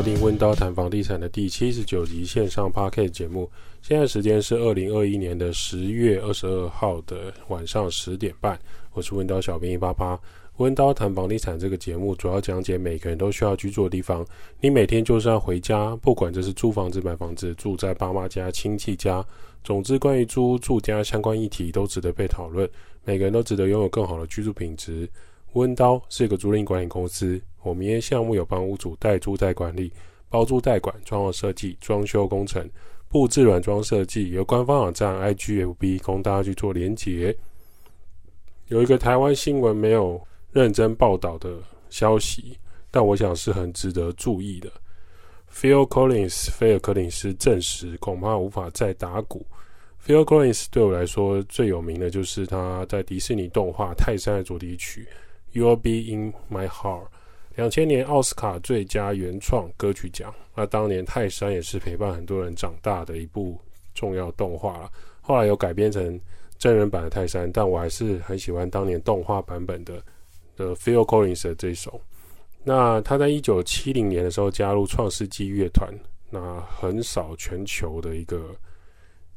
w i 溫叨談房地產》的第七十九集線上 Podcast 節目，現在時間是二零二一年的十月二十二號的晚上十點半。我是溫叨小編一八八。溫叨談房地產這個節目主要講解每個人都需要居住的地方。你每天就是要回家，不管這是租房子、買房子、住在爸媽家、親戚家，總之關於租住家相關議題都值得被討論。每個人都值得擁有更好的居住品質。溫刀是一個租賃管理公司，我明天項目有幫屋主代租代管理、包租代管、裝潢設計、裝修工程、布置軟裝設計，由官方網站 IGFB 供大家去做連結。有一個台灣新聞沒有認真報道的消息，但我想是很值得注意的。Phil Collins 菲爾·柯林斯）證實，恐怕無法再打鼓。Phil Collins 對我來說最有名的就是他在迪士尼動畫《泰山》的主題曲。You'll be in my heart，兩千年奧斯卡最佳原創歌曲獎。那當年《泰山》也是陪伴很多人長大的一部重要動畫了。後來有改編成真人版的《泰山》，但我還是很喜歡當年動畫版本的的 Phil Collins 的這一首。那他在一九七零年的時候加入創世紀樂團，那橫掃全球的一個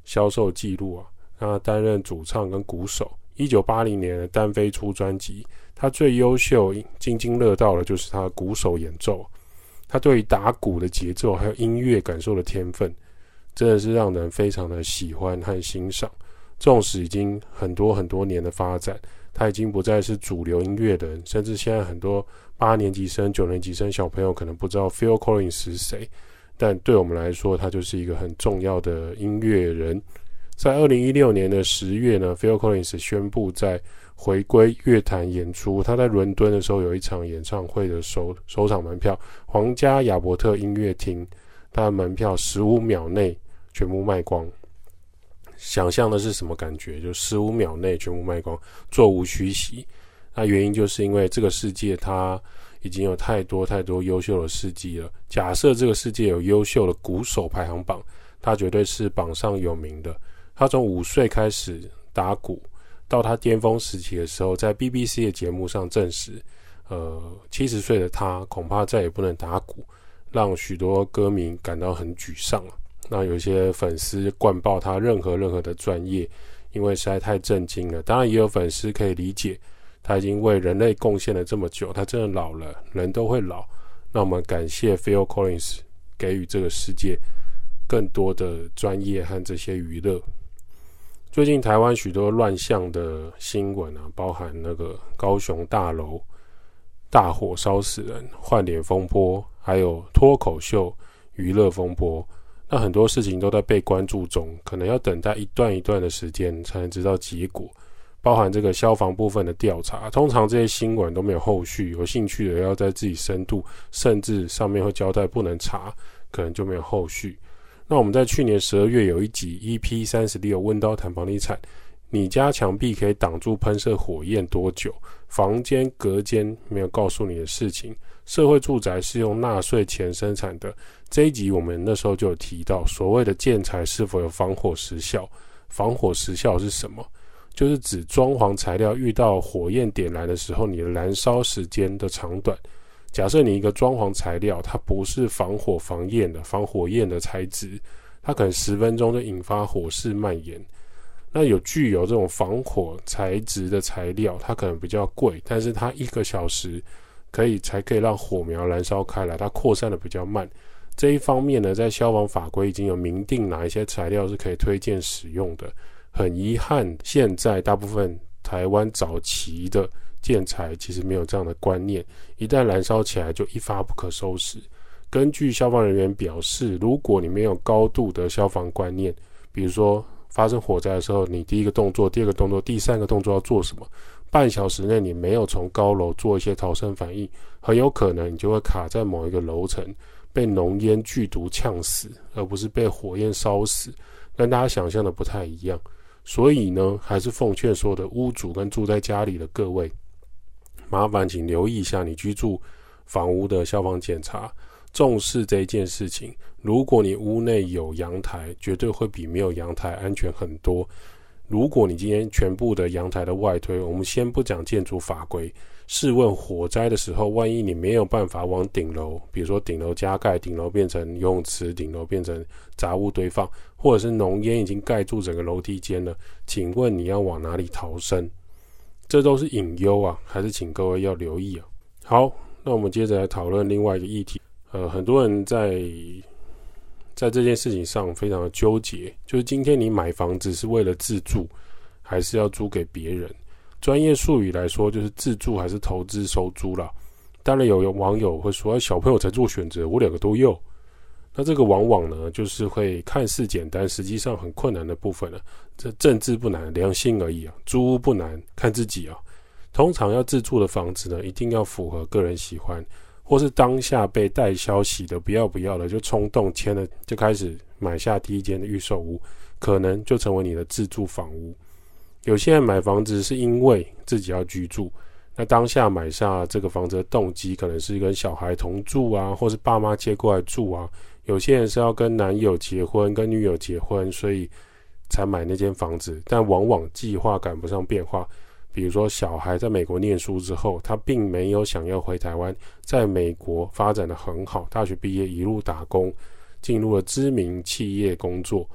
銷售記錄啊。他擔任主唱跟鼓手。一九八零年的單飛出專輯，他最優秀、津津樂道的就是他鼓手演奏，他對於打鼓的節奏還有音樂感受的天分，真的是讓人非常的喜歡和欣賞。縱使已經很多很多年的發展，他已經不再是主流音樂的人，甚至現在很多八年級生、九年級生小朋友可能不知道 Phil Collins 是誰，但對我們來說，他就是一個很重要的音樂人。在二零一六年的十月呢 Phil Collins 宣布在回歸樂壇演出。他在倫敦的時候有一場演唱會的首首場門票，皇家亞伯特音樂廳，他的門票十五秒內全部賣光。想象的是什麼感覺？就十五秒內全部賣光，座無虛席。那原因就是因為這個世界它已經有太多太多優秀的事蹟了。假設這個世界有優秀的鼓手排行榜，他絕對是榜上有名的。他從五歲開始打鼓，到他巔峰時期的時候，在 BBC 的節目上證實，呃，七十歲的他恐怕再也不能打鼓，讓許多歌迷感到很沮喪了。那有些粉絲灌爆他任何任何的專業，因為實在太震驚了。當然也有粉絲可以理解，他已經為人類貢獻了這麼久，他真的老了，人都會老。那我們感謝 Phil Collins 給予這個世界更多的專業和這些娛樂。最近台灣許多亂象的新聞啊，包含那個高雄大樓大火燒死人、換臉風波，還有脫口秀娛樂風波，那很多事情都在被關注中，可能要等待一段一段的時間才能知道結果。包含這個消防部分的調查，通常這些新聞都沒有後續。有興趣的要在自己深度，甚至上面會交代不能查，可能就沒有後續。那我們在去年十二月有一集 EP 三十六《溫叨談房地產》，你家牆壁可以擋住噴射火焰多久？房間隔間沒有告訴你的事情，社會住宅是用納稅錢生產的。這一集我們那時候就有提到，所謂的建材是否有防火時效？防火時效是什麼？就是指裝潢材料遇到火焰點燃的時候，你的燃燒時間的長短。假設你一個裝潢材料，它不是防火防焰的，防火焰的材質，它可能十分鐘就引發火勢蔓延。那有具有這種防火材質的材料，它可能比較貴，但是它一個小時可以才可以讓火苗燃燒開來，它擴散得比較慢。這一方面呢，在消防法規已經有明定哪一些材料是可以推薦使用的。很遺憾，現在大部分台灣早期的。建材其實沒有這樣的觀念，一旦燃燒起來就一發不可收拾。根據消防人員表示，如果你沒有高度的消防觀念，比如說發生火災的時候，你第一個動作、第二個動作、第三個動作要做什麼？半小時內你沒有從高樓做一些逃生反應，很有可能你就會卡在某一個樓層，被濃煙劇毒嗆死，而不是被火焰燒死。跟大家想象的不太一樣。所以呢，還是奉勸所有的屋主跟住在家裡的各位。麻煩請留意一下你居住房屋的消防檢查，重視這件事情。如果你屋內有陽台，絕對會比沒有陽台安全很多。如果你今天全部的陽台的外推，我們先不講建築法規，試問火災的時候，萬一你沒有辦法往頂樓，比如說頂樓加蓋、頂樓變成游泳池、頂樓變成雜物堆放，或者是濃煙已經蓋住整個樓梯間了，請問你要往哪裡逃生？這都是隱憂啊，還是請各位要留意啊。好，那我們接着來討論另外一個議題。呃，很多人在在這件事情上非常的糾結，就是今天你買房子是為了自住，還是要租給別人？專業術語來說，就是自住還是投資收租啦。當然，有有網友會說，啊，小朋友才做選擇，我兩個都要。那這個往往呢，就是會看似簡單，實際上很困難的部分了啊。這政治不難，良心而已啊。租屋不難，看自己啊。通常要自住的房子呢，一定要符合個人喜歡，或是當下被帶消息的不要不要的，就衝動簽了，就開始買下第一間的預售屋，可能就成為你的自住房屋。有些人買房子是因為自己要居住，那當下買下這個房子的動機，可能是跟小孩同住啊，或是爸媽接過來住啊。有些人是要跟男友結婚、跟女友結婚，所以才買那間房子。但往往計劃趕不上變化，比如說小孩在美國念書之後，他並沒有想要回台灣，在美國發展得很好，大學畢業一路打工，進入了知名企業工作，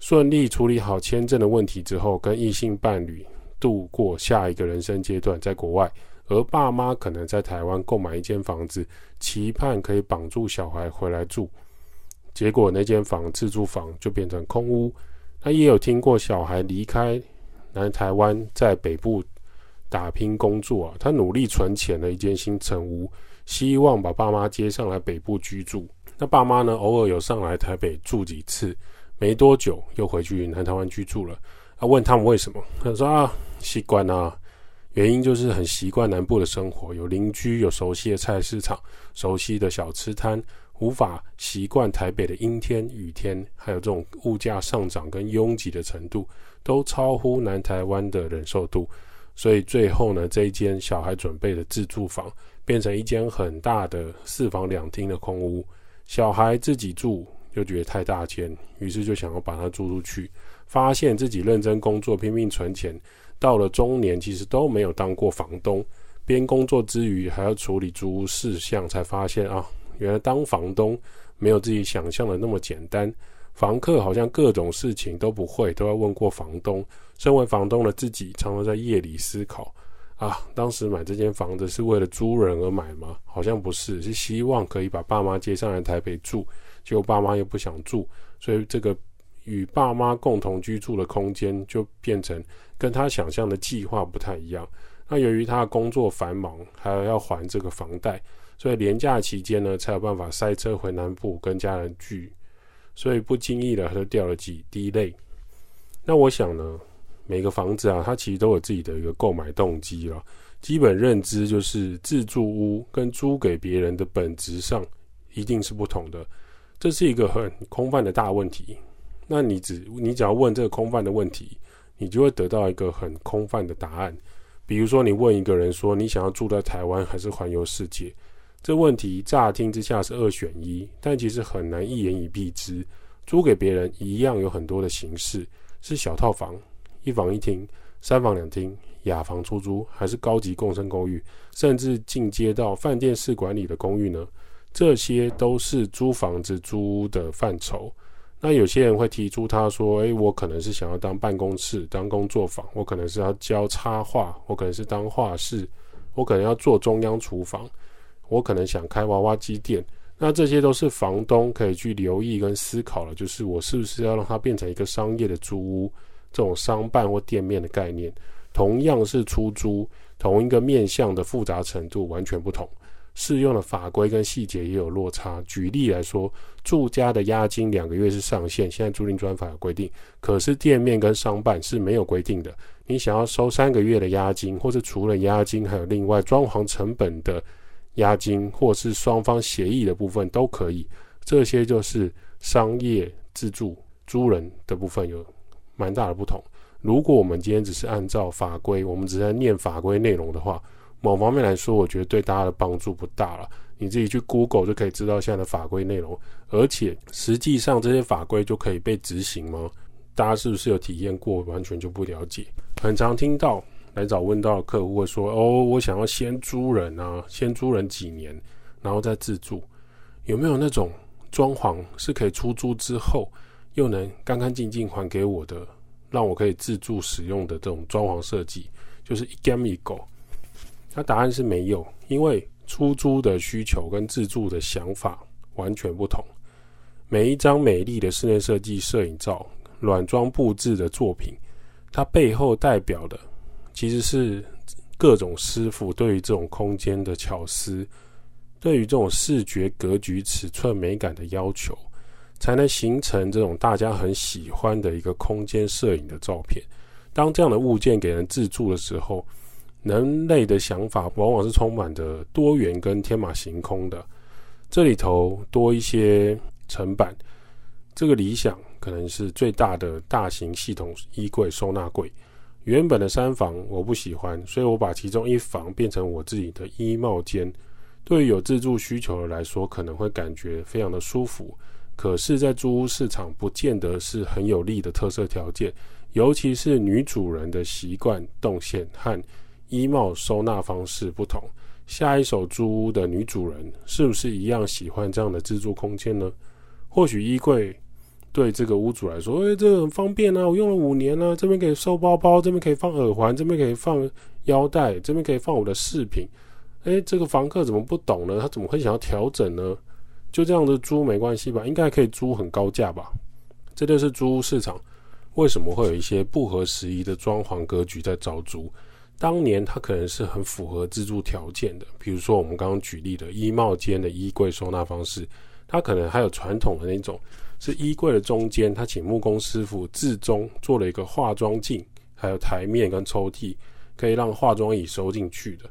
順利處理好簽證的問題之後，跟異性伴侶度過下一個人生階段，在國外。而爸媽可能在台灣購買一間房子，期盼可以綁住小孩回來住，結果那間房自住房就變成空屋。他也有聽過小孩離開南台灣，在北部打拼工作啊，他努力存錢的一間新成屋，希望把爸媽接上來北部居住。那爸媽呢，偶爾有上來台北住幾次，沒多久又回去南台灣居住了。他，啊，問他們為什麼，他說啊，習慣啊。原因就是很習慣南部的生活，有鄰居，有熟悉的菜市場，熟悉的小吃攤，無法習慣台北的陰天、雨天，還有這種物價上漲跟擁擠的程度，都超乎南台灣的忍受度。所以最後呢，這一間小孩準備的自住房，變成一間很大的四房兩廳的空屋。小孩自己住又覺得太大間，於是就想要把它租出去。發現自己認真工作，拼命存錢。到了中年，其實都沒有當過房東。邊工作之餘，還要處理租屋事項，才發現啊，原來當房東沒有自己想象的那麼簡單。房客好像各種事情都不會，都要問過房東。身為房東的自己，常常在夜裡思考：啊，當時買這間房子是為了租人而買嗎？好像不是，是希望可以把爸媽接上來台北住。結果爸媽又不想住，所以這個。與爸媽共同居住的空間就變成跟他想象的計劃不太一樣。那由於他工作繁忙，還要還這個房貸，所以連假期間呢才有辦法塞車回南部跟家人聚，所以不經意的他就掉了幾滴淚。那我想呢，每個房子啊，它其實都有自己的一個購買動機了。基本認知就是自住屋跟租給別人的本質上一定是不同的，這是一個很空泛的大問題。那你只你只要問這個空泛的問題，你就會得到一個很空泛的答案。比如說，你問一個人說：“你想要住在台灣還是環遊世界？”這問題乍聽之下是二選一，但其實很難一言以蔽之。租給別人一樣有很多的形式，是小套房、一房一廳、三房兩廳、雅房出租，還是高級共生公寓，甚至進階到飯店式管理的公寓呢？這些都是租房子租屋的範疇。那有些人會提出，他說：“哎，我可能是想要當辦公室、當工作坊，我可能是要教插畫，我可能是當畫室，我可能要做中央廚房，我可能想開娃娃機店。”那這些都是房東可以去留意跟思考的，就是我是不是要讓它變成一個商業的租屋，這種商辦或店面的概念，同樣是出租，同一個面向的複雜程度完全不同。適用的法規跟細節也有落差。舉例來說，住家的押金兩個月是上限，現在租賃專法有規定，可是店面跟商辦是沒有規定的。你想要收三個月的押金，或是除了押金還有另外裝潢成本的押金，或是雙方協議的部分都可以。這些就是商業自住租人的部分有蠻大的不同。如果我們今天只是按照法規，我們只是在念法規內容的話，某方面來說，我覺得對大家的幫助不大了。你自己去 Google 就可以知道現在的法規內容，而且實際上這些法規就可以被執行嗎？大家是不是有體驗過？完全就不了解。很常聽到來找溫叨的客戶會說：“哦，我想要先租人啊，先租人幾年，然後再自住。有沒有那種裝潢是可以出租之後又能乾干淨淨還給我的，讓我可以自住使用的這種裝潢設計？就是一兼二顧。那答案是沒有，因為出租的需求跟自住的想法完全不同。每一張美麗的室內設計攝影照、軟裝佈置的作品，它背後代表的其實是各種師傅對於這種空間的巧思，對於這種視覺格局、尺寸美感的要求，才能形成這種大家很喜歡的一個空間攝影的照片。當這樣的物件給人自住的時候，人類的想法往往是充滿著多元跟天馬行空的。這裡頭多一些層板，這個理想可能是最大的大型系統衣櫃收納櫃。原本的三房我不喜歡，所以我把其中一房變成我自己的衣帽間。對於有自住需求的人來說，可能會感覺非常的舒服。可是，在租屋市場不見得是很有利的特色條件，尤其是女主人的習慣動線和，衣、e、帽收納方式不同，下一手租屋的女主人是不是一樣喜歡這樣的自助空間呢？或許衣櫃對這個屋主來說，誒、欸，這個、很方便啊，我用了五年了，啊，這邊可以收包包，這邊可以放耳環，這邊可以放腰帶，這邊可以放我的飾品。誒、欸，這個房客怎麼不懂呢？他怎麼會想要調整呢？就這樣的租沒關係吧？應該可以租很高價吧？這就是租屋市場為什麼會有一些不合時宜的裝潢格局在招租。當年它可能是很符合自住條件的，比如說我們剛剛舉例的衣帽間的衣櫃收納方式，它可能還有傳統的那種，是衣櫃的中間，它請木工師傅置中做了一個化妝鏡，還有台面跟抽屜，可以讓化妝椅收進去的，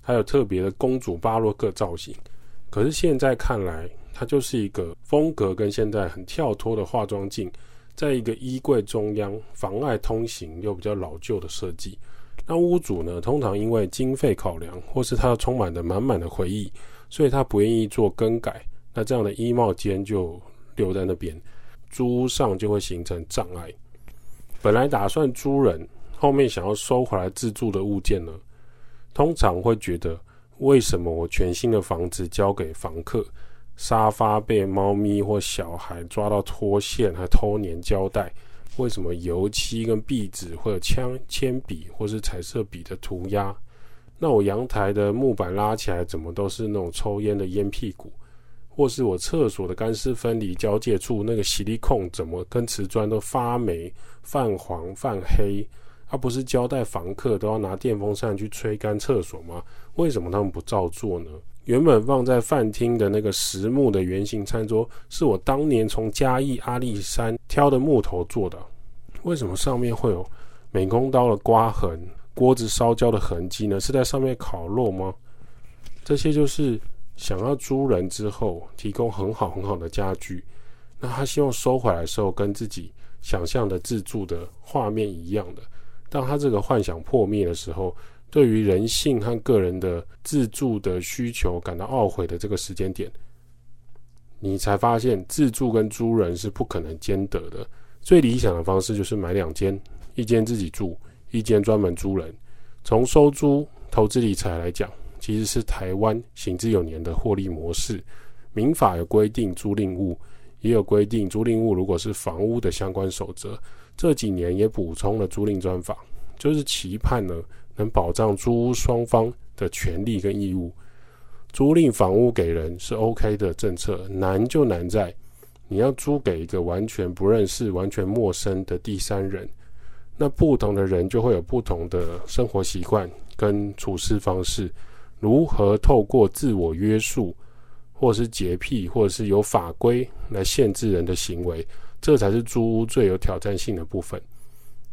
還有特別的公主巴洛克造型。可是現在看來，它就是一個風格跟現在很跳脫的化妝鏡，在一個衣櫃中央，妨礙通行又比較老舊的設計。那屋主呢，通常因為經費考量，或是他充滿了滿滿的回憶，所以他不願意做更改。那這樣的衣帽間就留在那邊，租屋上就會形成障礙。本來打算租人，後面想要收回來自住的物件呢，通常會覺得，為什麼我全新的房子交給房客，沙發被貓咪或小孩抓到脫線，還偷粘膠帶？為什麼油漆跟壁紙，會有鉛鉛筆，或是彩色筆的塗鴉？那我陽台的木板拉起來，怎麼都是那種抽菸的菸屁股？或是我廁所的乾濕分離交界處那個矽利康怎麼跟瓷磚都發霉、泛黃、泛黑？他、啊、不是交代房客都要拿電風扇去吹乾廁所嗎？為什麼他們不照做呢？原本放在飯廳的那個實木的圓形餐桌，是我當年從嘉義阿里山挑的木頭做的。為什麼上面會有美工刀的刮痕、鍋子燒焦的痕跡呢？是在上面烤肉嗎？這些就是想要租人之後提供很好很好的家具。那他希望收回來的時候跟自己想象的自住的畫面一樣的。當他這個幻想破滅的時候，對於人性和個人的自住的需求感到懊悔的這個時間點，你才發現自住跟租人是不可能兼得的。最理想的方式就是買兩間，一間自己住，一間專門租人。從收租投資理財來講，其實是台灣行之有年的獲利模式。民法有規定租賃物，也有規定租賃物如果是房屋的相關守則，這幾年也補充了租賃專法，就是期盼呢。保障租屋雙方的權利跟義務，租賃房屋給人是 OK 的政策，難就難在你要租給一個完全不認識、完全陌生的第三人，那不同的人就會有不同的生活習慣跟處事方式。如何透過自我約束，或是潔癖，或者是有法規來限制人的行為，這才是租屋最有挑戰性的部分。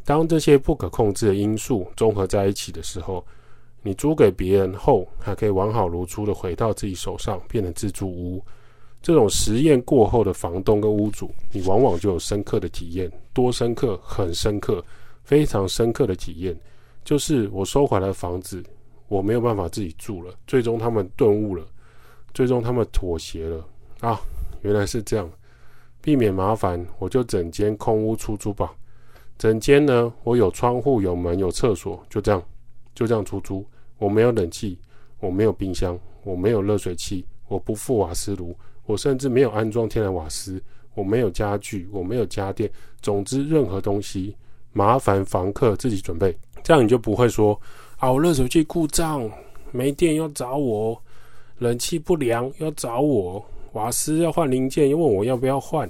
當這些不可控制的因素綜合在一起的時候，你租給別人後，還可以完好如初的回到自己手上，變成自住屋。這種實驗過後的房東跟屋主，你往往就有深刻的體驗，多深刻，很深刻，非常深刻的體驗，就是我收回來的房子，我沒有辦法自己住了。最終他們頓悟了，最終他們妥協了啊，原來是這樣，避免麻煩，我就整間空屋出租吧。整間呢，我有窗戶、有門、有廁所，就這樣，就這樣出租,租。我沒有冷氣，我沒有冰箱，我沒有熱水器，我不付瓦斯爐，我甚至沒有安裝天然瓦斯，我沒有家具，我沒有家電。總之，任何東西麻煩房客自己準備。這樣你就不會說啊，我熱水器故障沒電要找我，冷氣不良要找我，瓦斯要換零件要問我要不要換，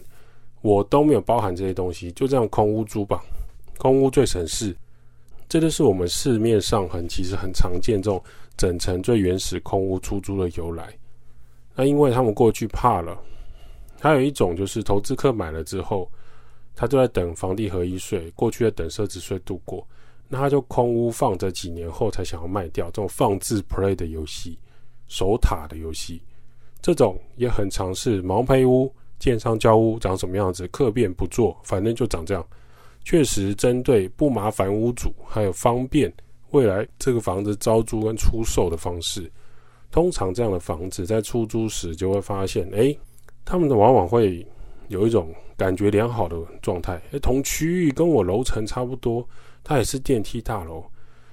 我都沒有包含這些東西，就這樣空屋租吧。空屋最省事。這就是我們市面上很其實很常見這種整層最原始空屋出租的由來。那因為他們過去怕了，還有一種就是投資客買了之後，他就在等房地合一稅，過去在等奢侈稅度過，那他就空屋放着幾年後才想要賣掉，這種放置 play 的遊戲、守塔的遊戲，這種也很常是毛坯屋、建商交屋長什麼樣子，客變不做，反正就長這樣。確實，針對不麻煩屋主，還有方便未來這個房子招租跟出售的方式。通常這樣的房子在出租時就會發現，哎，他們往往會有一種感覺良好的狀態誒。同區域跟我樓層差不多，它也是電梯大樓，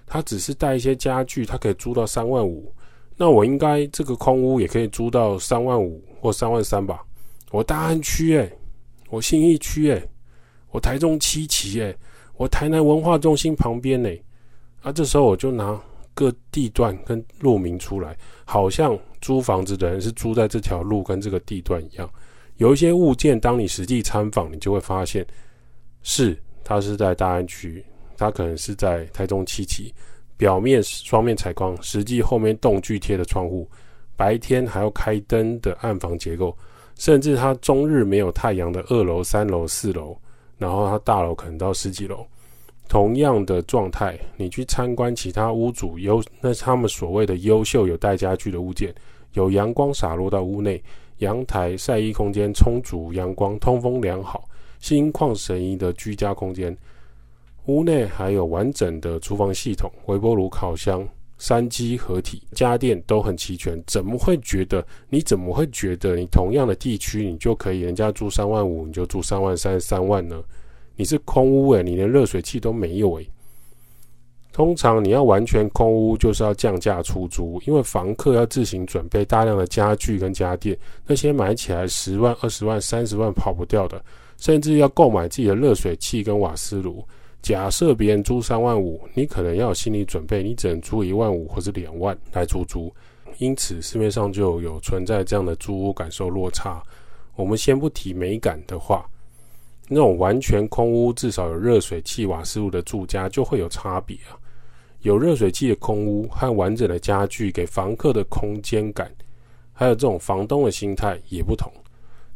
它只是帶一些家具，它可以租到三萬五。那我應該這個空屋也可以租到三萬五或三萬三吧？我大安區，哎，我信義區誒，哎。我台中七期誒、欸，我台南文化中心旁邊欸。啊，這時候我就拿各地段跟路名出來，好像租房子的人是租在這條路跟這個地段一樣。有一些物件，當你實際參訪，你就會發現是，是它是在大安區，它可能是在台中七期，表面雙面採光，實際後面棟距貼的窗戶，白天還要開燈的暗房結構，甚至它終日沒有太陽的二樓、三樓、四樓。然後他大樓可能到十幾樓，同樣的狀態，你去參觀其他屋主優，那是他們所謂的優秀有帶家具的物件，有陽光灑落到屋內，陽台曬衣空間充足，陽光通風良好，心曠神怡的居家空間。屋內還有完整的廚房系統，微波爐、烤箱，三機合體，家電都很齊全，怎麼會覺得？你怎麼會覺得？你同樣的地區，你就可以人家住三萬五，你就住三萬三三萬呢？你是空屋誒、欸，你連熱水器都沒有誒、欸。通常你要完全空屋，就是要降價出租，因為房客要自行準備大量的家具跟家電，那些買起來十萬、二十萬、三十萬跑不掉的，甚至要購買自己的熱水器跟瓦斯爐。假設別人租三萬五，你可能要有心理準備，你只能租一萬五或者兩萬來出租，租。因此，市面上就有存在這樣的租屋感受落差。我們先不提美感的話，那種完全空屋至少有熱水器、瓦斯爐的住家就會有差別啊。有熱水器的空屋和完整的家具，給房客的空間感，還有這種房東的心態也不同。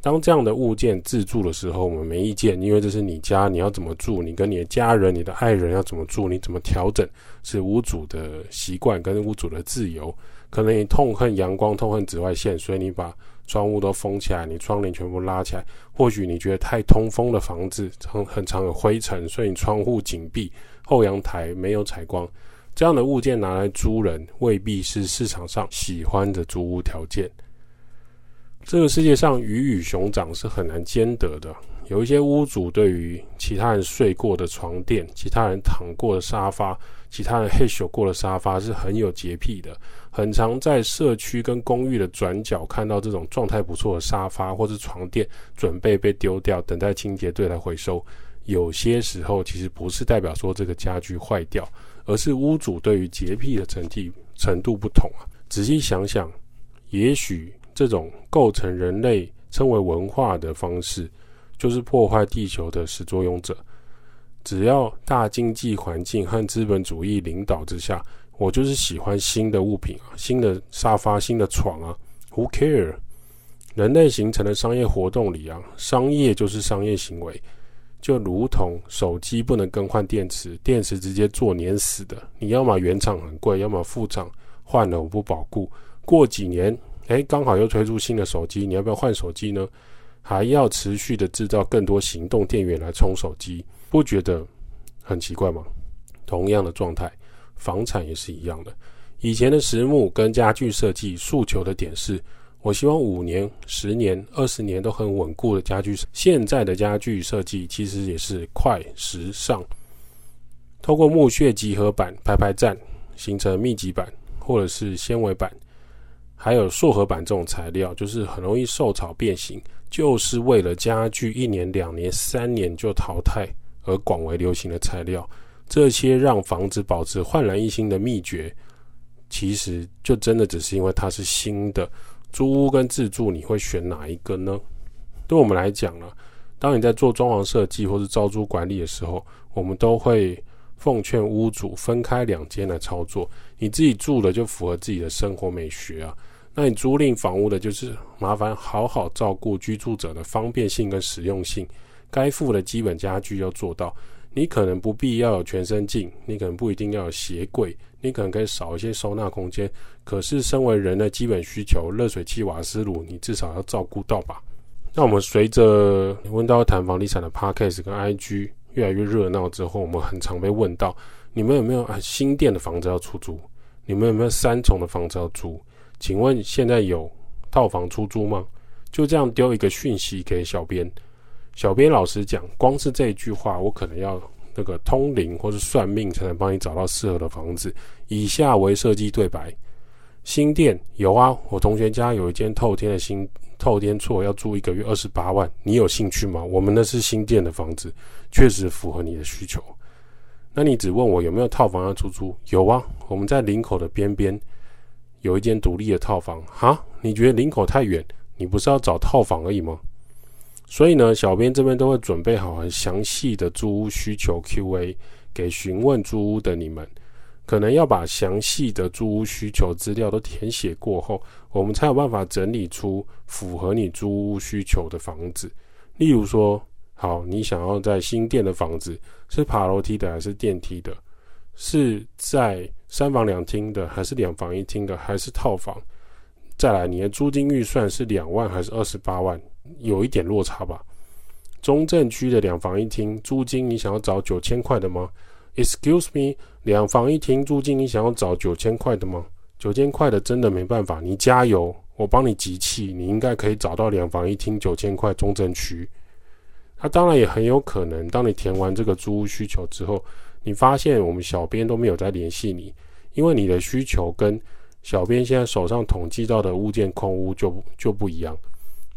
當這樣的物件自住的時候，我們沒意見，因為這是你家，你要怎麼住，你跟你的家人、你的愛人要怎麼住，你怎麼調整是屋主的習慣跟屋主的自由。可能你痛恨陽光、痛恨紫外線，所以你把窗戶都封起來，你窗簾全部拉起來。或許你覺得太通風的房子很，很常有灰塵，所以你窗戶緊閉，後陽台沒有採光。這樣的物件拿來租人，未必是市場上喜歡的租屋條件。這個世界上魚與熊掌是很難兼得的。有一些屋主對於其他人睡過的床墊、其他人躺過的沙發、其他人嘿咻過的沙發是很有潔癖的，很常在社區跟公寓的轉角看到這種狀態不錯的沙發或是床墊準備被丟掉，等待清潔隊來回收。有些時候其實不是代表說這個家具壞掉，而是屋主對於潔癖的程度，程度不同啊。仔細想想，也許。這種構成人類稱為文化的方式，就是破壞地球的始作俑者。只要大經濟環境和資本主義領導之下，我就是喜歡新的物品啊，新的沙發、新的床啊。Who care？人類形成的商業活動裡啊，商業就是商業行為，就如同手機不能更換電池，電池直接做粘死的。你要麼原廠很貴，要麼副廠換了我不保固，過幾年。誒，剛好又推出新的手機，你要不要換手機呢？還要持續的制造更多行動電源來充手機，不覺得很奇怪嗎？同樣的狀態，房產也是一樣的。以前的實木跟家具設計訴求的點是，我希望五年、十年、二十年都很穩固的家具設計。現在的家具設計其實也是快時尚，透過木屑集合板排排站，形成密集板或者是纖維板。還有塑合板這種材料，就是很容易受潮變形，就是為了家具一年、兩年、三年就淘汰而廣為流行的材料。這些讓房子保持煥然一新的秘訣，其實就真的只是因為它是新的。租屋跟自住，你會選哪一個呢？對我們來講呢，啊，當你在做裝潢設計或是招租管理的時候，我們都會奉勸屋主分開兩間來操作。你自己住的就符合自己的生活美學啊。那你租賃房屋的就是麻煩好好照顧居住者的方便性跟實用性，該付的基本家具要做到。你可能不必要有全身鏡，你可能不一定要有鞋櫃，你可能可以少一些收納空間。可是身為人的基本需求，熱水器、瓦斯爐，你至少要照顧到吧？那我們隨着你問到談房地產的 Podcast 跟 IG 越來越熱鬧之後，我們很常被問到：你們有沒有新店的房子要出租？你們有沒有三重的房子要租？請問現在有套房出租嗎？就這樣丟一個訊息給小編。小編老實講，光是這一句話，我可能要那個通靈或是算命才能幫你找到適合的房子。以下為設計對白：新店有啊，我同學家有一間透天的新透天厝，要租一個月二十八萬，你有興趣嗎？我們那是新店的房子，確實符合你的需求。那你只問我有沒有套房要出租？有啊，我們在林口的邊邊。有一間獨立的套房哈、啊，你覺得林口太遠？你不是要找套房而已嗎？所以呢，小編這邊都會準備好很詳細的租屋需求 Q&A 給詢問租屋的你們。可能要把詳細的租屋需求資料都填寫過後，我們才有辦法整理出符合你租屋需求的房子。例如說，好，你想要在新店的房子是爬樓梯的還是電梯的？是在。三房兩廳的還是兩房一廳的還是套房？再來，你的租金預算是兩萬還是二十八萬？有一點落差吧。中正區的兩房一廳租金，你想要找九千塊的嗎？Excuse me，兩房一廳租金，你想要找九千塊的嗎？九千塊的真的沒辦法，你加油，我幫你集氣，你應該可以找到兩房一廳九千塊中正區。那、啊、當然也很有可能，當你填完這個租屋需求之後。你發現我們小編都沒有再聯繫你，因為你的需求跟小編現在手上統計到的物件空屋就就不一樣。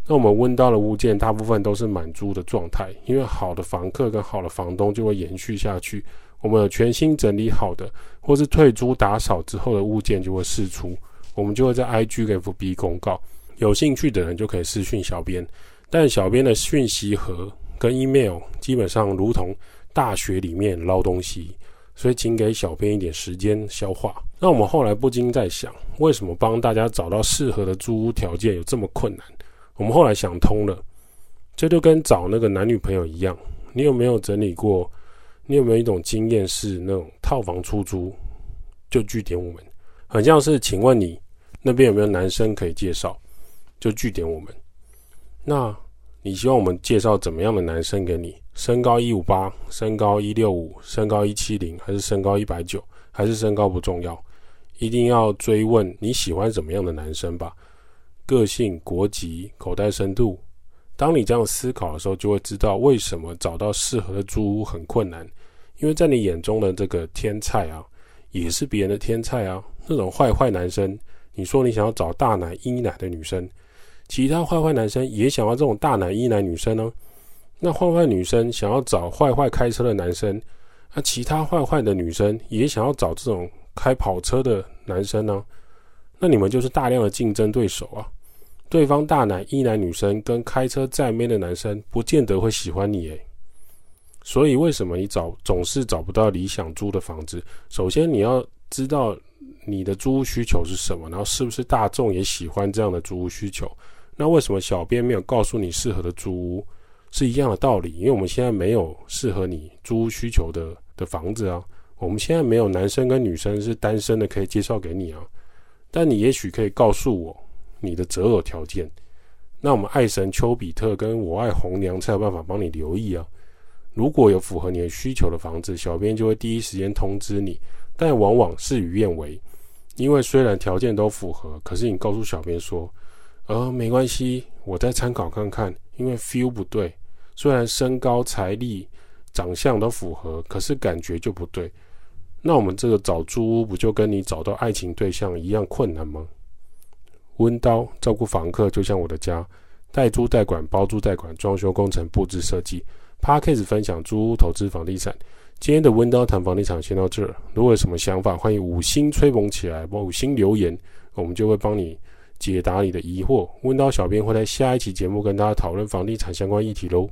那我們問到的物件大部分都是滿租的狀態，因為好的房客跟好的房東就會延續下去。我們有全新整理好的，或是退租打掃之後的物件就會釋出，我們就會在 IG FB 公告，有興趣的人就可以私訊小編。但小編的訊息盒跟 email 基本上如同大學裡面撈東西，所以請給小編一點時間消化。那我們後來不禁在想，為什麼幫大家找到適合的租屋條件有這麼困難？我們後來想通了，這就跟找那個男女朋友一樣。你有沒有整理過？你有沒有一種經驗是那種套房出租，就句點我們，很像是請問你那邊有沒有男生可以介紹，就句點我們。那。你希望我們介紹怎麼樣的男生給你？身高一五八，身高一六五，身高一七零，還是身高一百九？還是身高不重要？一定要追問你喜歡什麼樣的男生吧？個性、國籍、口袋深度。當你這樣思考的時候，就會知道為什麼找到適合的租屋很困難。因為在你眼中的這個天菜啊，也是別人的天菜啊。那種壞壞男生，你說你想要找大奶、陰奶的女生。其他壞壞男生也想要這種大奶一男女生哦、啊，那壞壞女生想要找壞壞開車的男生，那、啊、其他壞壞的女生也想要找這種開跑車的男生呢、啊，那你們就是大量的競爭對手啊。對方大奶一男女生跟開車在妹的男生不見得會喜歡你誒。所以為什麼你找總是找不到理想租的房子？首先你要知道你的租屋需求是什麼，然後是不是大眾也喜歡這樣的租屋需求？那為什麼小編沒有告訴你適合的租屋，是一樣的道理，因為我們現在沒有適合你租屋需求的的房子啊，我們現在沒有男生跟女生是單身的可以介紹給你啊，但你也許可以告訴我你的擇偶條件，那我們愛神丘比特跟我愛紅娘才有辦法幫你留意啊，如果有符合你的需求的房子，小編就會第一時間通知你，但往往事與願違，因為雖然條件都符合，可是你告訴小編說。呃，沒關係，我再參考看看，因為 feel 不對。雖然身高、財力、長相都符合，可是感覺就不對。那我們這個找租屋，不就跟你找到愛情對象一樣困難嗎？溫叨照顧房客，就像我的家，代租代管、包租代管、裝修工程、布置設計。Podcast 分享租屋投資房地產。今天的溫叨談房地產先到這兒。如果有什麼想法，歡迎五星吹捧起來，我五星留言，我們就會幫你解答你的疑惑，溫叨小編會在下一期節目跟大家討論房地產相關議題嘍。